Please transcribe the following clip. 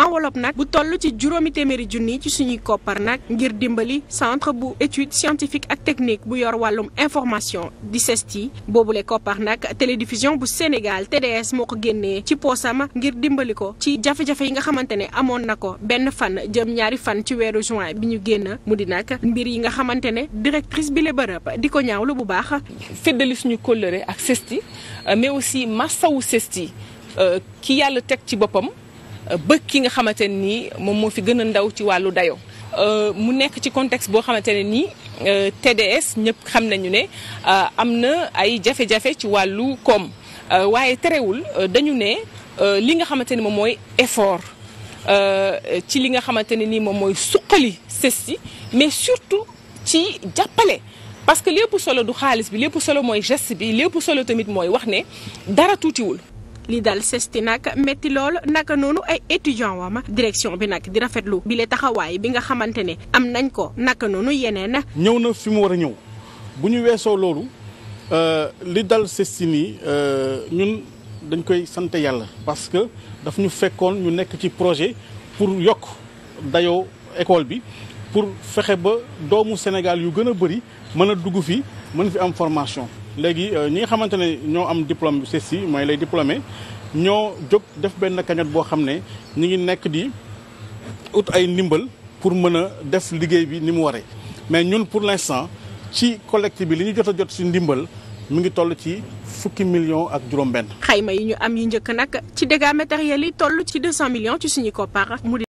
enveloppe nag bu toll ci juróomi téeméeri junni ci suñuy koppar nag ngir dimbali centre bu étude scientifique ak technique bu yor wàllum information di CESTI boobule koppar nag télédiffusion bu Sénégal TDS moo ko génnee ci poosam ngir dimbali ko ci jafe-jafe yi nga xamante ne amoon na ko benn fan jëm ñaari fan ci weeru juin bi ñu génn mu di nag mbir yi nga xamante ne directrice bi la bërëb di ko ñaawlu bu baax. feddali suñu kóllëre ak CESTI mais aussi massawu CESTI. Euh, ki yàlla teg ci boppam euh, ba ki nga xamante ne nii moom moo fi gën a ndaw ci wàllu dayoo. Euh, mu nekk ci contexte boo xamante ne nii TDS ñëpp xam nañu ne am na ay jafe-jafe ci wàllu koom waaye terewul dañu ne li nga xamante ne moom mooy effort ci li nga xamante ne nii moom mooy suqali sës si mais surtout ci jàppale. parce que lépp solo du xaalis bi lépp solo mooy geste bi lépp solo tamit mooy wax ne dara tuutiwul. li dal CESTI nag métti lool naka noonu ay étudiant wam direction bi nag di rafetlu bi le taxawaay bi nga xamante ne am nañ ko naka noonu yeneen. ñëw na fi mu war a ñëw bu ñu weesoo loolu euh, li dal CESTI nii euh, ñun dañ koy sant yàlla parce que daf ñu fekkoon ñu nekk ci projet pour yokk dayoo école bi pour fexe ba doomu Sénégal yu gën a bëri mën a dugg fi mën fi am formation. léegi euh, ñi nga xamante ne ñoo am diplôme bi si mooy lay diplômé ñoo jóg def benn cagnotte boo xam ne ñi ngi nekk di ut ay ndimbal pour mën a def liggéey bi ni mu waree. mais ñun pour l'instant ci collecte bi li ñu jot a jot si ndimbal mi ngi toll ci fukki million ak juróom-benn. xayma yi ñu am yi njëkk nag ci dégâts matériels yi toll ci 200 millions ci suñu koppar.